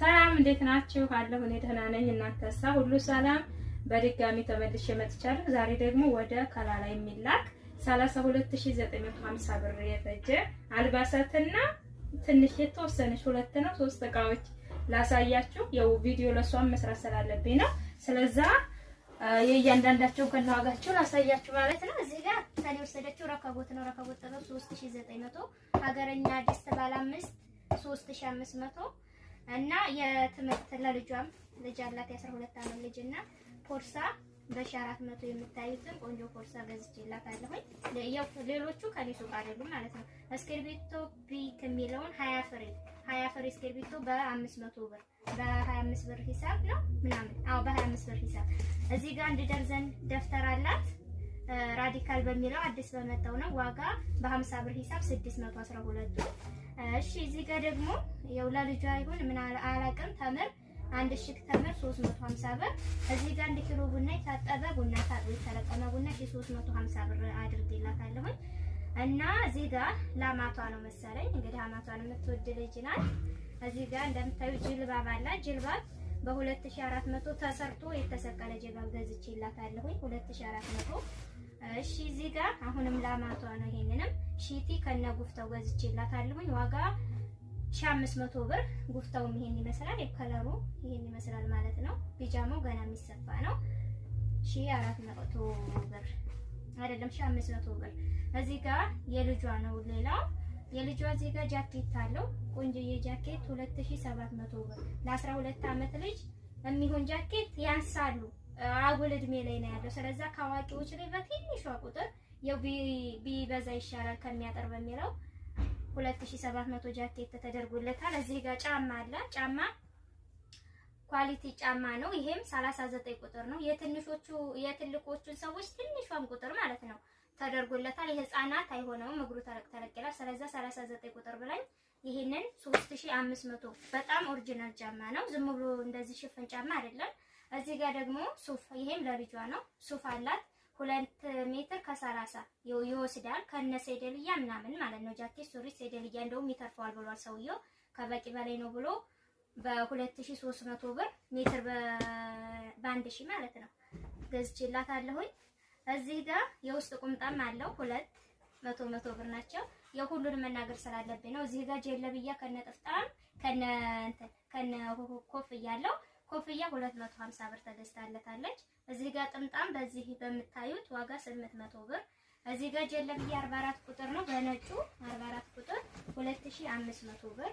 ሰላም እንዴት ናችሁ? አለሁ እኔ ደህና ነኝ። እናንተሳ ሁሉ ሰላም? በድጋሚ ተመልሼ መጥቻለሁ። ዛሬ ደግሞ ወደ ከላላ የሚላክ 32950 ብር የፈጀ አልባሳትና ትንሽ የተወሰነች ሁለት ነው ሶስት እቃዎች ላሳያችሁ። ያው ቪዲዮ ለሷም መስራት ስላለብኝ ነው። ስለዛ የእያንዳንዳቸውን ከነዋጋቸው ላሳያችሁ ማለት ነው። እዚህ ጋር ተኔ ወሰደችው ረከቦት ነው። ረከቦት ጥበብ 3900 ሀገረኛ አዲስ ባለ አምስት 3500 እና የትምህርት ለልጇም ልጅ አላት የአስራ ሁለት ዓመት ልጅ እና ፖርሳ በሺ አራት መቶ የምታዩትን ቆንጆ ፖርሳ ገዝቼላታለሁኝ። ሌሎቹ ከኔ ሱቅ አይደሉም ማለት ነው። እስክርቢቶ ፒክ የሚለውን ሀያ ፍሬ ሀያ ፍሬ እስክርቢቶ በአምስት መቶ ብር በሀያ አምስት ብር ሂሳብ ነው ምናምን። አዎ በሀያ አምስት ብር ሂሳብ። እዚህ ጋር አንድ ደርዘን ደብተር አላት ራዲካል በሚለው አዲስ በመጣው ነው ዋጋ በሀምሳ ብር ሂሳብ ስድስት መቶ አስራ ሁለቱ እሺ እዚህ ጋር ደግሞ ያው ለልጇ ይሁን ምን አላውቅም ተምር አንድ ሽክ ተምር 350 ብር። እዚህ ጋር አንድ ኪሎ ቡና የታጠበ ቡና ታጥቦ የተለቀመ ቡና 350 ብር አድርጌላታለሁ። እና እዚህ ጋር ለአማቷ ነው መሰለኝ እንግዲህ አማቷን የምትወድ ልጅ ናት። እዚህ ጋር እንደምታዩ ጅልባብ አለ። ጅልባብ በ2400 ተሰርቶ የተሰቀለ ጅልባብ ገዝቼላታለሁ 2400 እሺ እዚህ ጋር አሁንም ላማቷ ነው። ይሄንንም ሺቲ ከነ ጉፍተው ገዝቼላታለሁኝ ዋጋ ሺህ መቶ ብር። ጉፍታውም ይሄን ይመስላል፣ የከለሩ ይሄን ይመስላል ማለት ነው። ቢጃማው ገና የሚሰፋ ነው። ሺህ ብር አይደለም ሺህ ብር። እዚህ ጋር የልጇ ነው። ሌላው የልጇ እዚህ ጋር ጃኬት አለው ቆንጆዬ ጃኬት 2700 ብር። ለ12 ዓመት ልጅ የሚሆን ጃኬት ያንሳሉ። አጉል እድሜ ላይ ነው ያለው። ስለዛ ከአዋቂዎች ላይ በትንሿ ቁጥር ቢበዛ ይሻላል ከሚያጠር በሚለው 2700 ጃኬት ተደርጎለታል። እዚህ ጋር ጫማ አለ። ጫማ ኳሊቲ ጫማ ነው። ይሄም 39 ቁጥር ነው። የትንሾቹ የትልቆቹን ሰዎች ትንሿን ቁጥር ማለት ነው ተደርጎለታል። የህፃናት አይሆነውም፣ እግሩ ተረቅ ተረቅ ይላል። 39 ቁጥር ብላኝ ይሄንን 3500 በጣም ኦሪጂናል ጫማ ነው። ዝም ብሎ እንደዚህ ሽፍን ጫማ አይደለም። እዚህ ጋር ደግሞ ሱፍ ይሄም ለልጇ ነው። ሱፍ አላት ሁለት ሜትር ከሰላሳ ይወስዳል ከነ ሴደልያ ምናምን ማለት ነው። ጃኬት፣ ሱሪ፣ ሴደልያ እንደውም ይተርፈዋል ብሏል ሰውየው ከበቂ በላይ ነው ብሎ በ2300 ብር ሜትር በ1000 ማለት ነው ገዝቼላታለሁኝ። እዚህ ጋር የውስጥ ቁምጣም አለው ሁለት መቶ መቶ ብር ናቸው። የሁሉንም መናገር ስላለብኝ ነው። እዚህ ጋር ጀለብያ ከነ ጥፍጣም ከነ እንትን ከነ ኮፍያ አለው ኮፍያ 250 ብር ተገዝታለታለች። እዚህ ጋር ጥምጣም በዚህ በምታዩት ዋጋ 800 ብር። እዚህ ጋር ጀለብያ 44 ቁጥር ነው በነጩ 44 ቁጥር 2500 ብር